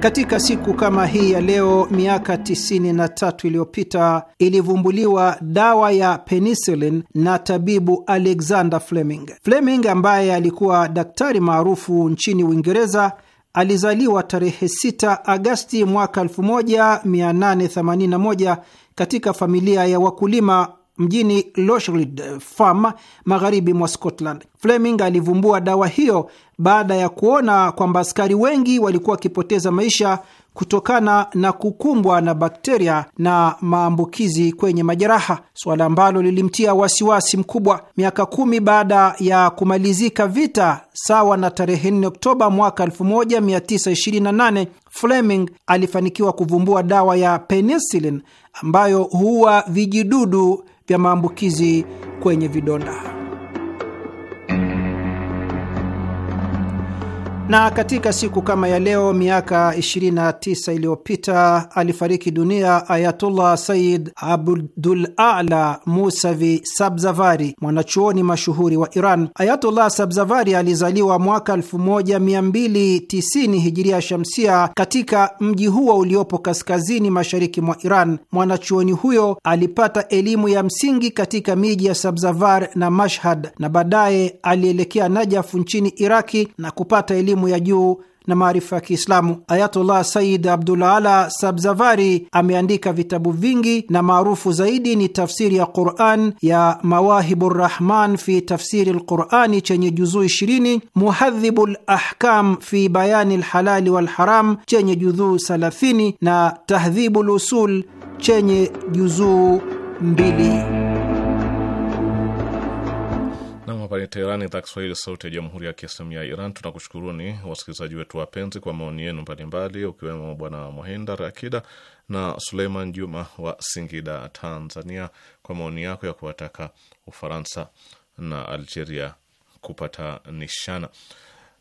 Katika siku kama hii ya leo miaka 93 iliyopita ilivumbuliwa dawa ya penicillin na tabibu Alexander Fleming. Fleming ambaye alikuwa daktari maarufu nchini Uingereza alizaliwa tarehe 6 Agasti mwaka 1881 katika familia ya wakulima mjini Lochrid eh, Farm magharibi mwa Scotland. Fleming alivumbua dawa hiyo baada ya kuona kwamba askari wengi walikuwa wakipoteza maisha kutokana na kukumbwa na bakteria na maambukizi kwenye majeraha, suala ambalo lilimtia wasiwasi mkubwa. Miaka kumi baada ya kumalizika vita, sawa na tarehe 4 Oktoba mwaka 1928, Fleming alifanikiwa kuvumbua dawa ya penicillin ambayo huua vijidudu vya maambukizi kwenye vidonda. Na katika siku kama ya leo miaka 29 iliyopita alifariki dunia Ayatullah Said Abdul Ala Musavi Sabzavari, mwanachuoni mashuhuri wa Iran. Ayatullah Sabzavari alizaliwa mwaka 1290 hijiria shamsia katika mji huo uliopo kaskazini mashariki mwa Iran. Mwanachuoni huyo alipata elimu ya msingi katika miji ya Sabzavar na Mashhad na baadaye alielekea Najafu nchini Iraki na kupata elimu elimu ya juu na maarifa ya Kiislamu. Ayatullah Said Abdulala Sabzavari ameandika vitabu vingi na maarufu zaidi ni tafsiri ya Quran ya Mawahibu Rahman fi tafsiri lqurani chenye juzuu 20, Muhadhibu lahkam fi bayani lhalali walharam chenye juzuu 30 na Tahdhibu lusul chenye juzuu 2. Hapa ni Teherani, idhaa Kiswahili, sauti ya jamhuri ya kiislamu ya Iran. Tunakushukuruni wasikilizaji wetu wapenzi kwa maoni yenu mbalimbali, ukiwemo Bwana Mohindar Akida na Suleiman Juma wa Singida, Tanzania, kwa maoni yako ya kuwataka Ufaransa na Algeria nishana.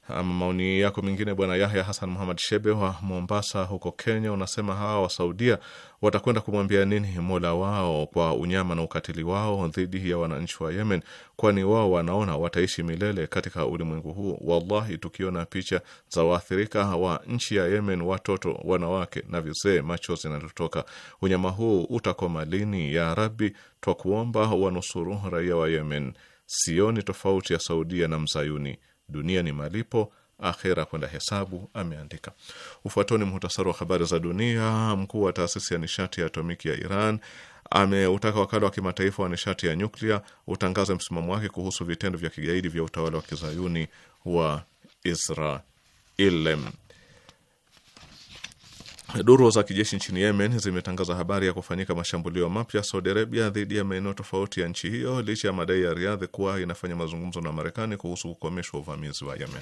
Ama maoni yako mengine, Bwana Yahya Hasan Muhamad Shebe wa Mombasa huko Kenya, unasema hawa wasaudia watakwenda kumwambia nini Mola wao kwa unyama na ukatili wao dhidi ya wananchi wa Yemen? Kwani wao wanaona wataishi milele katika ulimwengu huu? Wallahi, tukiona picha za waathirika wa nchi ya Yemen, watoto, wanawake na vizee, machozi yanatotoka. Unyama huu utakoma lini? Ya Rabbi, twakuomba wanusuru raia wa Yemen. Sioni tofauti ya Saudia na Mzayuni. Dunia ni malipo akhira kwenda hesabu, ameandika. Ufuatoni muhtasari wa habari za dunia. Mkuu wa taasisi ya nishati ya atomiki ya Iran ameutaka wakala wa kimataifa wa nishati ya nyuklia utangaze msimamo wake kuhusu vitendo vya kigaidi vya utawala wa kizayuni wa Israel. Duru za kijeshi nchini Yemen zimetangaza habari ya kufanyika mashambulio mapya Saudi Arabia dhidi ya maeneo tofauti ya nchi hiyo licha ya madai ya Riadhi kuwa inafanya mazungumzo na Marekani kuhusu kukomeshwa uvamizi wa Yemen.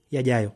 yajayo.